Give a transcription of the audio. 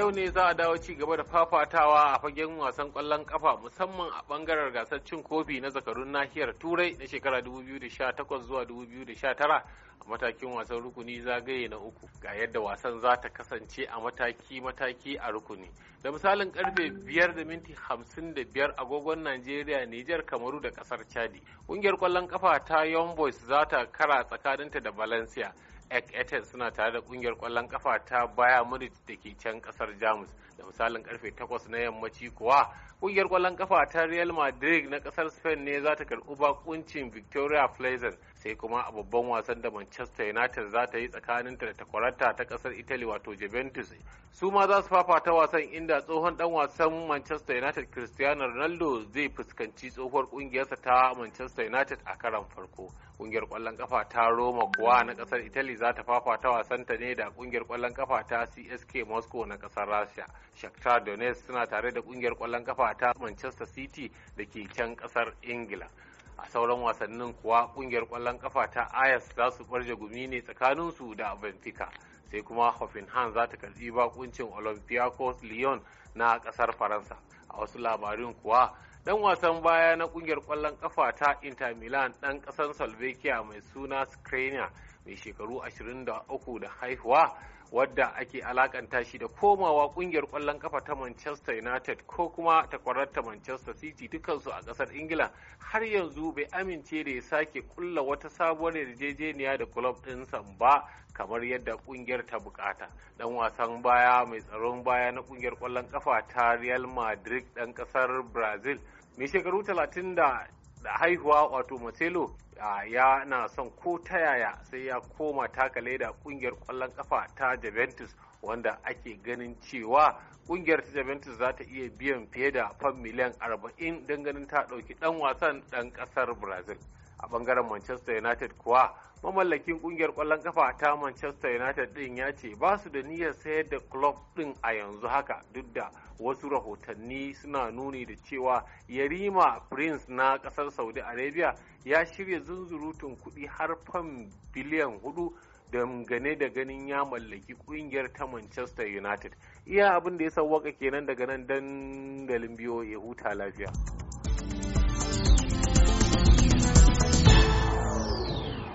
yau ne za a dawo ci gaba da fafatawa a fagen wasan kwallon kafa musamman a bangaren gasar cin kofi na zakarun nahiyar turai na shekara 2018 zuwa 2019 a matakin wasan rukuni zagaye na uku ga yadda wasan za ta kasance a mataki-mataki a rukuni da misalin karfe 5 da minti 55 agogon najeriya nijar kamaru da kasar chadi ƙungiyar kwallon kafa ta young boys za ta kara tsakaninta da valencia Ek suna tare da kungiyar kwallon kafa ta baya muni da ke can kasar Jamus da misalin karfe 8 na yammaci kuwa kungiyar kwallon kafa ta Real Madrid na kasar Spain ne za ta karɓi bakuncin Victoria Pleasant sai kuma a babban wasan da Manchester United za ta yi ta da takwarata ta kasar Italy wato Juventus su ma za su fafata wasan inda tsohon dan wasan Manchester United Cristiano Ronaldo zai fuskanci tsohuwar kungiyarsa ta Manchester United a karan farko kungiyar kwallon kafa ta Roma kuwa na kasar Italy za ta fafata wasanta ne da kungiyar kwallon kafa ta CSK Moscow na kasar Russia. Shakhtar Donetsk suna tare da kungiyar kwallon kafa ta Manchester City da ke can kasar Ingila. a sauran wasannin kuwa kungiyar kwallon kafa ta ayas za su barje gumi ne tsakaninsu da benfica sai kuma hoffenheim za ta karbi bakuncin olympiacos lyon na kasar faransa a wasu labarin kuwa dan wasan baya na kungiyar kwallon kafa ta inter milan dan kasar slovakia mai suna skriniar mai shekaru 23 da haihuwa wadda ake alakanta shi da komawa kungiyar kwallon kafa ta Manchester United ko kuma takwararta ta Manchester City dukansu a kasar Ingila har yanzu bai amince da ya sake kulla wata sabuwar yarjejeniya da kulob ɗinsa ba kamar yadda kungiyar ta bukata dan wasan baya mai tsaron baya na kungiyar kwallon kafa ta Real Madrid dan kasar Brazil mai shekaru da haihuwa wato Marcelo ya na son ko ta yaya sai ya koma taka leda kungiyar kwallon kafa ta Juventus wanda ake ganin cewa kungiyar ta Juventus za ta iya biyan fiye da fan miliyan 40 don ganin ta dauki dan wasan dan kasar Brazil. a bangaren manchester united kuwa mamallakin kungiyar kwallon kafa ta manchester united din ya ce ba su da niyyar sayar da club din a yanzu haka duk da wasu rahotanni suna nuni da cewa yarima prince na kasar saudi arabia ya shirya zunzurutun kuɗi har fam biliyan hudu dangane da ganin ya mallaki kungiyar ta manchester united iya abin da ya sauwaka kenan daga nan dandalin biyo ya huta lafiya.